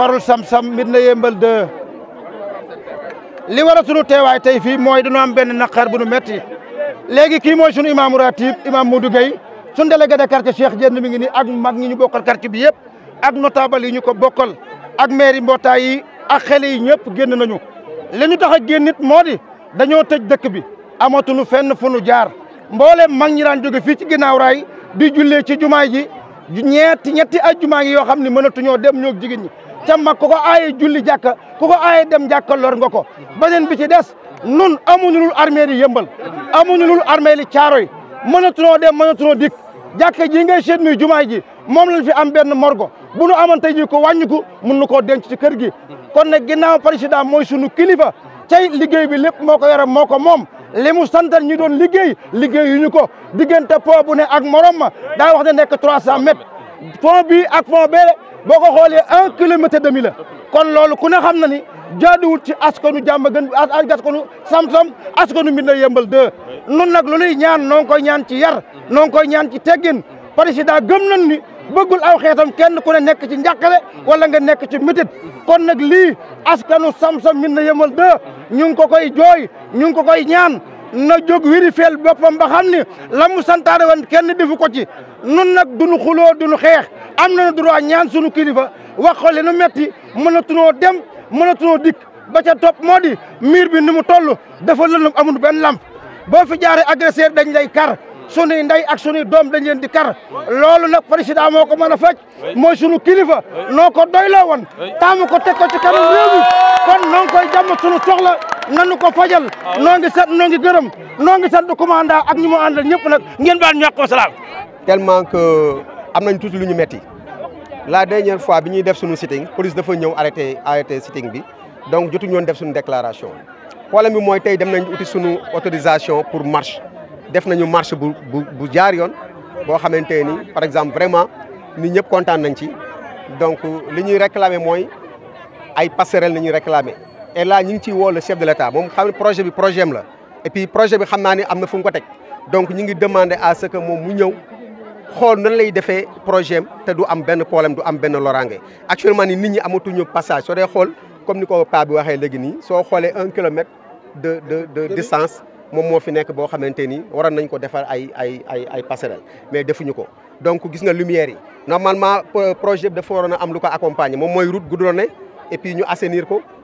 safarul sam-sam mbir na yëmbal de li war a sunu teewaay tey fii mooy dañu am benn naqar bu nu metti léegi kii mooy sunu imaamu ratib imaam Modou Gueye sunu délégué de quartier Cheikh jenn mi ngi ni ak mag ñi ñu bokkal quartier bi yëpp ak notable ñu ko bokkal ak maire yi mbootaay yi ak xele yi ñëpp génn nañu li ñu tax a génnit moo di dañoo tëj dëkk bi amatuñu fenn fu nu jaar mbooleem mag ñi daan jóge fii ci ginnaaw raay di jullee ci jumaay ji ñetti ñetti ay jumaa ngi yoo xam ne mënatuñoo dem ñoog jigéen ñi ca mag ko aaye julli jàkka ku ko aaye dem jàkka lor nga ko beneen bi ci des nun amuñu lul armée yi yëmbal amuñu lul armée li caaroy mënatunoo dem mënatunoo dikk jàkka ji ngay seet muy jumaay ji moom lañ fi am benn morgo bu nu amoon ko wàññiku mun na koo denc ci kër gi kon nag ginnaaw président mooy sunu kilifa tey liggéey bi lépp moo ko yore moo ko moom li mu santan ñu doon liggéey liggéey yu ñu ko diggante pont bu ne ak morom ma daa wax ne nekk trois cent mètres pont bii ak pont boo ko xoolee un kilomètre demi la kon loolu ku ne xam na ni jaaduwul ci askanu jàmm gën askanu sam-sam askanu mbir na yëmbal deux nun nag lu ñaan noo ngi ñaan ci yar noo ngi koy ñaan ci teggin président gëm nañ ni bëggul aw xeetam kenn ku ne nekk ci njàqale wala nga nekk ci métit kon nag lii askanu sam-sam mbir na yëmbal deux ñu ngi ko koy jooy ñu ngi ko koy ñaan na jóg wirifeel boppam ba xam ni la mu santaane woon kenn defu ko ci nun nag duñu xuloo duñu xeex am nañu droit ñaan sunu kilifa wax ko li nu metti mënatunoo dem mënatunoo dikk ba ca topp moo di miir bi nu mu toll dafa lëndëm amul benn lamp boo fi jaaree agresseur dañ lay kar sunuy ndey ak sunuy doom dañ leen di kar loolu nag président moo ko mën a faj mooy sunu kilifa noo ko doyloo woon taamu ko teg ko ci kanam réew mi kon noo ngi koy jàmm sunu soxla nanu ko fajal ah, noo ngi sant noo gërëm noo ngi sant commandant ak ñu mu àndal ñëpp nag ngeen baal ñu yàqoo salaam tellement que am nañ tuuti lu ñu metti la dernière fois bi ñuy def suñu sitting police dafa ñëw arrêté arrêté sitting bi donc jotu ñoon def suñu déclaration problème bi mooy tey dem nañ uti suñu autorisation pour marche def nañu marche bu bu bu jaar yoon boo xamante ni par exemple vraiment nit ñëpp kontaan nañ ci donc li ñuy réclamer mooy ay passerelle la ñuy réclamer et là ñu ngi le chef de l'état mom xam projet bi projet la et puis projet bi xamna ni amna fuñ ko teg donc ñu ngi demander à ce que mom mu ñew xol nan lay défé projet té du am ben problème du am ben loraange actuellement ni nit ñi amatu ñu passage so dee xol comme ni ko paa bi waxé légui ni so xolé 1 km de de de distance mom mo fi nek bo xamante waran nañ ko défar ay ay ay ay passerelle mais defuñu ko donc gis nga lumière yi normalement projet de forona am lu accompagner mom moy route goudronnée et puis ñu assainir ko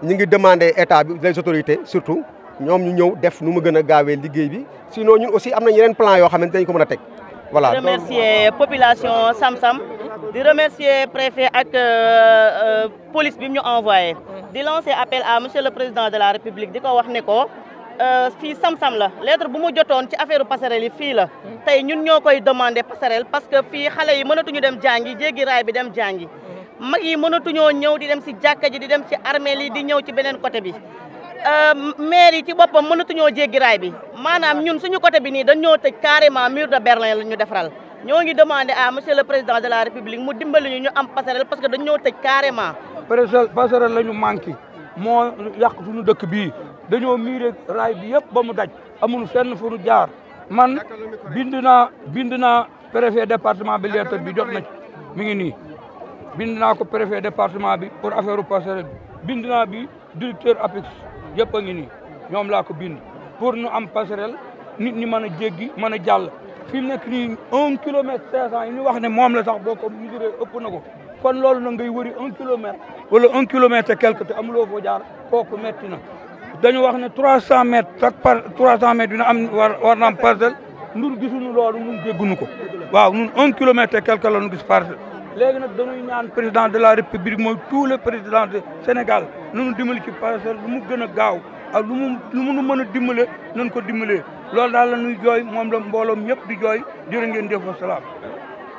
Nous ngi demander état bi les autorités surtout nous ñu ñëw def nu mu gëna a liggéey bi sinon ñun aussi amna yenen plan yo xam dañ ko mëna a teg voilà. remercier population Sam Sam di remercier préfet ak euh, euh, police bi ñu envoyé. di lancer appel à monsieur le président de la république diko wax né ko. euh, sam-sam la lettre bu mu jotoon ci affaire passerelle yi fii la tay ñun ñokoy demander passerelle parce que fi xalé yi ñu dem jàngi jéggi raay bi dem jàngi mag yi mënatuñoo ñëw di dem si jàkka ji di dem ci armeel yi di ñëw ci beneen côté bi euh, maire yi ci boppam mënatuñoo jéggi raay bi maanaam ñun suñu côté bi nii dañoo tëj carrément mur de Berlin la ñu defaral ñoo ngi demandé à monsieur le président de la république mu dimbali ñu ñu am passerelle parce que dañoo tëj carrément. passerelle la ñu manqué moo yàq suñu dëkk bi dañoo miiré raay bi yëpp ba mu daj amul fenn fu ñu jaar man bind na bind naa préfet département bi lettre bi jot na ci mi nii. bind naa ko département bi pour affaire passerelle bi bind bi directeur APIX yëpp a ngi nii ñoom laa ko bind pour nu am passerelle nit ñi mën a jéggi mën a jàll fi mu nekk nii un kilomètre cinq cent yi ñu wax ne moom la sax boo ko ëpp na ko kon lool na ngay wëri un kilomètre wala un kilomètre et te amuloo foo jaar kooku metti na dañu wax ne trois cent mètres chaque par trois cent mètres dina war na am parcelle nun gisuñu loolu nun dégguñu ko waaw nun un kilomètre et quelque la nu léegi nag dañuy ñaan président de la république mooy tout le président de senegal nu mu dimbali ci parcelle lu mu gën a gaaw a lu mu lu mu mën a dimbale nañ ko dimbalee loolu daal la ñuy jooy moom la mbooloom ñëpp di jooy jërë ngeen jëf wa salaam.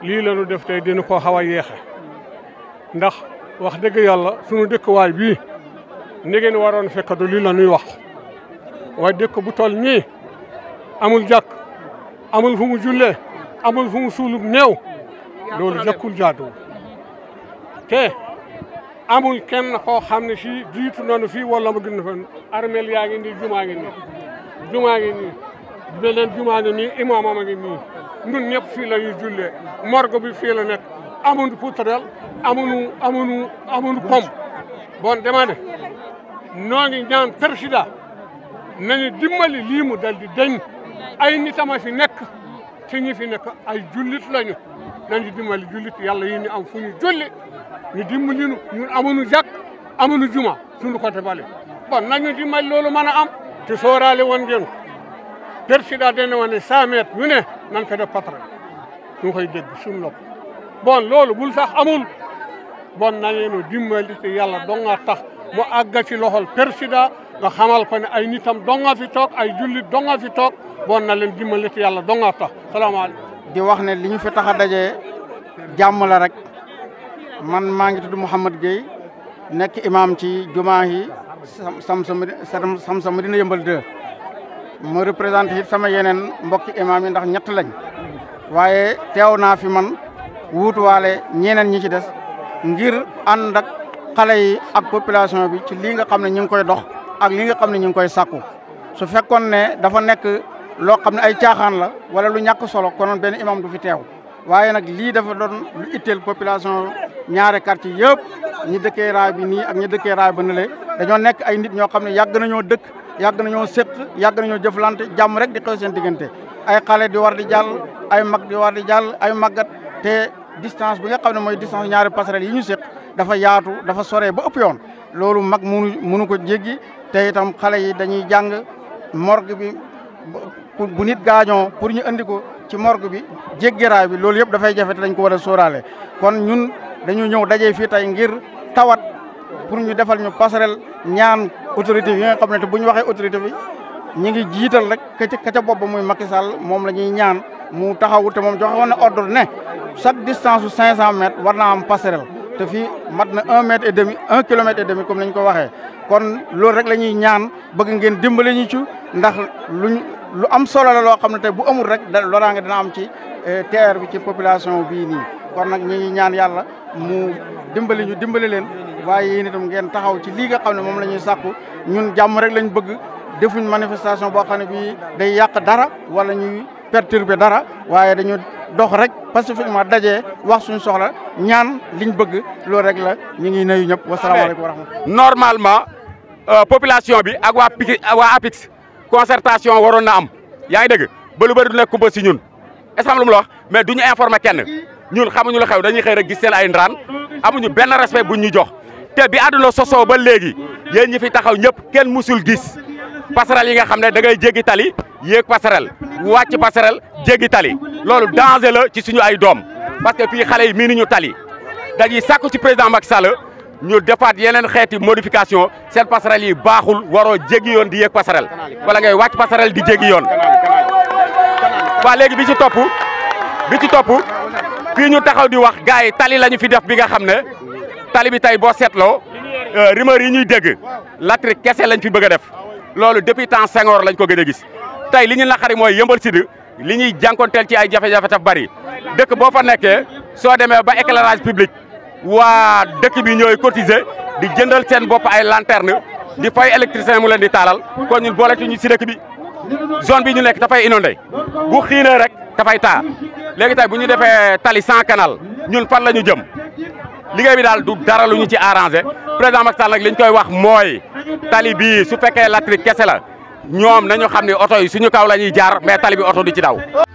lii la ñu def tey dina ko xaw a yéexe ndax wax dëgg yàlla sunu dëkkuwaay bi ni ngeen waroon fekk du lii la ñuy wax wa dëkk bu toll nii amul jàkk amul fu mu jullee amul fu mu suulub néew. loolu nekkul jaaduwul te amul kenn koo xam ne si jiitu nañu fii wala mu gën fa armel yaa ngi nii jumaa ngi nii jumaa beneen jumaa ngi nii imaamam a ngi nii ñun ñëpp fii la ñuy jullee bi fii la nekk amuñu poutrelle amuñu amuñu amuñu pompe bon dama ne noo ñaan président nañu dimbali lii mu dal di deñ ay nitama fi nekk te ñi fi nekk ay jullit lañu nañu dimbali jullit yàlla yi ñu am fu ñu julli ñu dimbali ñu ñun amuñu jàkk juma suñu côté bale bon nañu dimbali loolu mën a am te sooraale woon ngeen président dana woon ne cent mètres ñu ne nan ko def patron ñu koy dégg suñu nopp bon loolu bul sax amul bon nañu dimbali te yàlla dong nga tax mu àgg ci loxol président nga xamal ko ne ay nitam dong nga fi toog ay jullit dong nga fi toog bon na leen dimbali te yàlla dong nga tax salaamaaleykum di wax ne li ñu fi tax a daje jàmm la rek man maa ngi tudd Mouhamad Gueye nekk imam ci jumaa yi sam sam sam dina yëmbal deux ma représenté it sama yeneen mbokki imam yi ndax ñett lañ waaye teew naa fi man wuutuwaale ñeneen ñi ci des ngir ànd ak xale yi ak population bi ci lii nga xam ne ñu ngi koy dox ak lii nga xam ne ñu ngi koy sàkku su fekkoon ne dafa nekk loo xam ne ay caaxaan la wala lu ñàkk solo konoon benn imam du fi teew waaye nag lii dafa doon lu itteel population ñaare quartier yëpp ñi dëkkee raay bi nii ak ñi dëkkee raay ba nële dañoo nekk ay nit ñoo xam ne yàgg nañoo dëkk yàgg nañoo sëq yàgg nañoo jëflante jàmm rek di xew seen diggante ay xale di war di jàll ay mag di war di jàll ay màggat te distance bi nga xam ne mooy distance ñaari passerelle yi ñu sëq dafa yaatu dafa sore ba ëpp yoon loolu mag munu munu ko jéggi te itam xale yi dañuy jàng bu nit gaañoo pour ñu andi ko ci morgo bi jéggiraay bi loolu yëpp dafay jafe te dañ ko war a sóoraale kon ñun dañu ñëw daje fii tey ngir tawat pour ñu defal ñu passerelle ñaan autorité yi nga xam ne te bu ñu waxee autorité bi ñu ngi jiital rek ka ca ka ca bopp muy moom la ñuy ñaan mu taxawu te moom joxe woon na ordre ne chaque distance su 500 mètres war naa am passerelle. te fii mat na un mètre et demi un kilomètre et demi comme lañ ko waxee kon loolu rek la ñuy ñaan bëgg ngeen dimbale ñu ci ndax luñ lu am solo la loo xam ne tey bu amul rek da loraange dina am ci eh, terre bi ci population bii nii kon nag ñu ñaan yàlla mu dimbali ñu dimbali leen waaye yéen itam ngeen taxaw ci lii nga xam ne moom la ñuy sàkku ñun jàmm rek lañ bëgg defuñ manifestation boo xam ne bii day yàq dara wala ñuy perturber dara waaye dañu dox rek pacifiquement dajé wax suñu soxla ñaan liñ bëgg lo rek la ñi ngi nuyu salaamu alaykum wa rahmatulah. normalement euh, population bi ak wa wa APIX concertation waroon na am yaay dëgg ba lu bari du nekk ba si ñun est ce que lu wax mais duñu informer kenn ñun xamuñu la xew dañuy xey rek gis seen ay ndaraan amuñu benn respect buñu jox té bi aduna soso ba légui yeen ñi fi taxaw ñëpp kenn musul gis. passerelle yi nga xam ne da ngay jéggi tali yéeg passerelle wàcc passerelle jéggi tali loolu danger la ci suñu ay doom parce que fii xale yi mii ñu tali dañuy sàkku ci président Macky Sall ñu defaat yeneen xeeti modification seen passerelle yi baaxul waroo jéggi yoon di yéeg passerelle wala ngay wàcc passerelle di jéggi yoon waa léegi bi ci topp bi ci topp fii ñu taxaw di wax gars yi tali la ñu fi def bi nga xam ne tali bi tey boo seetloo euh, rumeur yi ñuy dégg latri kese lañ fi bëgg a def loolu depuis temps Senghor lañ ko gën a gis tey li ñu naqari mooy yëmbal sud li ñuy jànkonteel ci ay jafe-jafe taf bari dëkk boo fa nekkee soo demee ba éclairage public waa dëkk bi ñooy cotiser di jëndal seen bopp ay lanterne di fay électricien mu leen di taalal ko ñun boo ci ñu si dëkk bi zone bi ñu nekk dafay inondé bu xiinee rek dafay taa léegi tey bu ñu defee tali sans canal ñun fan la ñu jëm liggéey bi daal du dara lu ñu ci arrangé président Macky Sall nag koy wax mooy tali bii su fekkee latrik kese la ñoom nañu xam ne oto yi suñu kaw la ñuy jaar mais talibi oto di ci daw